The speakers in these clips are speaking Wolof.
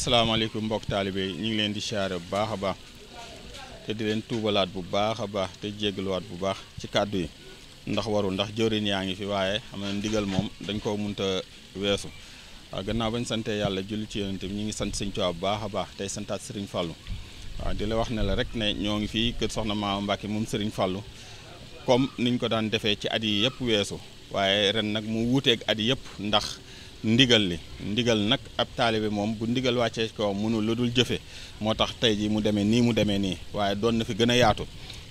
salaamaaleykum mbokk taalibe yi ñu ngi leen di siyaare bu baax a baax te di leen tuubalaat bu baax a baax te jéggaluwaat bu baax ci kàddu yi ndax warul ndax jëwriñ yaa ngi fi waaye xam ne ndigal moom dañ koo munta weesu waaw gannaaw bañ santee yàlla julli ci yonent bi ñu ngi sant sëñ Tuubaa bu baax a baax tey santaat sëriñ Fallou waaw di la wax ne la rek ne ñoo ngi fii kër Soxna Maama Mbàkke moom Serigne Fallou comme niñ ko daan defee ci at yi yëpp weesu waaye ren nag mu wuuteeg at yëpp ndax ndigal li ndigal nag ab taalibe moom bu ndigal wàcce ko mënul lu dul jëfe moo tax tey ji mu demee nii mu demee nii waaye doon na fi gën a yaatu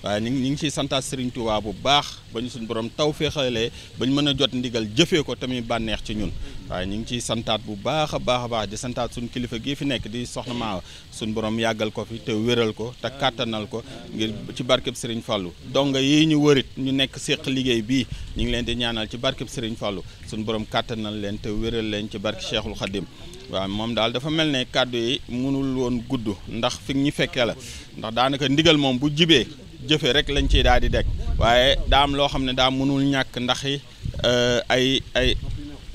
waa ñu ngi ñu ngi ciy santaat Serigne Touba bu baax ba ñu suñu borom taw féexalee ba ñu mën a jot ndigal jëfee ko tamit bànneex ci ñun waaye ñu ngi ciy santaat bu baax a baax a baax di santaat suñu kilifa gii fi nekk di soxna Maawa suñ borom yàggal ko fi te wéral ko te kàttanal ko ngir ci barkeb Serigne Fallou donga yi ñu warit ñu nekk séq liggéey bii ñu ngi leen di ñaanal ci barkeb Serigne Fallou suñu borom kàttanal leen te wéral leen ci barke Cheikhul Khadim waa moom daal dafa mel ne kàddu yi mënul woon gudd ndax fi ñu fekkee la ndax daanaka ndigal moom bu jibee jëfe rek lañ ciy daal di dekk waaye daa am loo xam ne daa mënul ñàkk ndax eh, ay ay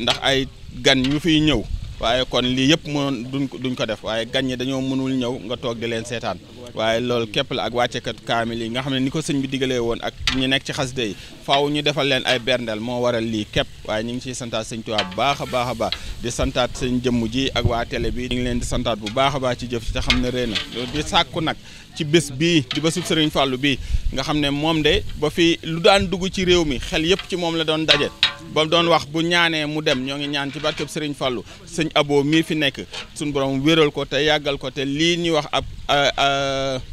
ndax ay gan ñu fiy ñëw waaye kon lii yëpp mënoon duñ duñ ko def waaye gan ñi dañoo mënul ñëw nga toog di leen seetaan waaye loolu képp la ak wàccekat kaamil yi nga xam ne ni ko sëñ bi digalee woon ak ñu nekk ci xasida yi faaw ñu defal leen ay berndeel moo waral lii képp waaye ñu ngi ciy santaat sëñ Tuubaa bu baax a baax baax di santaat sëñ jëmm ji ak waa télé bi ñu ngi leen di santaat bu baax a baax ci jëf ci te xam ne rëy na di sàkku nag ci bés bi di bésub sëriñ Fàllu bi nga xam ne moom de ba fi lu daan dugg ci réew mi xel yëpp ci moom la doon daje ba doon wax bu ñaanee mu dem ñoo ngi ñaan ci barkeb sëriñ Fàllu sëñ Abo mii fi nekk suñu borom wéral ko te yàggal ko te lii ñuy wax ab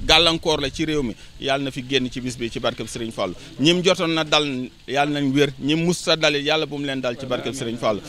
gàllankoor la ci réew mi yàlla na fi génn ci bis bi ci barkeb Serigne Fallou ñim jotoon na dal yàlla nañ wér ñim mus sa dalit yàlla bu leen dal ci barkeb Serigne Fallou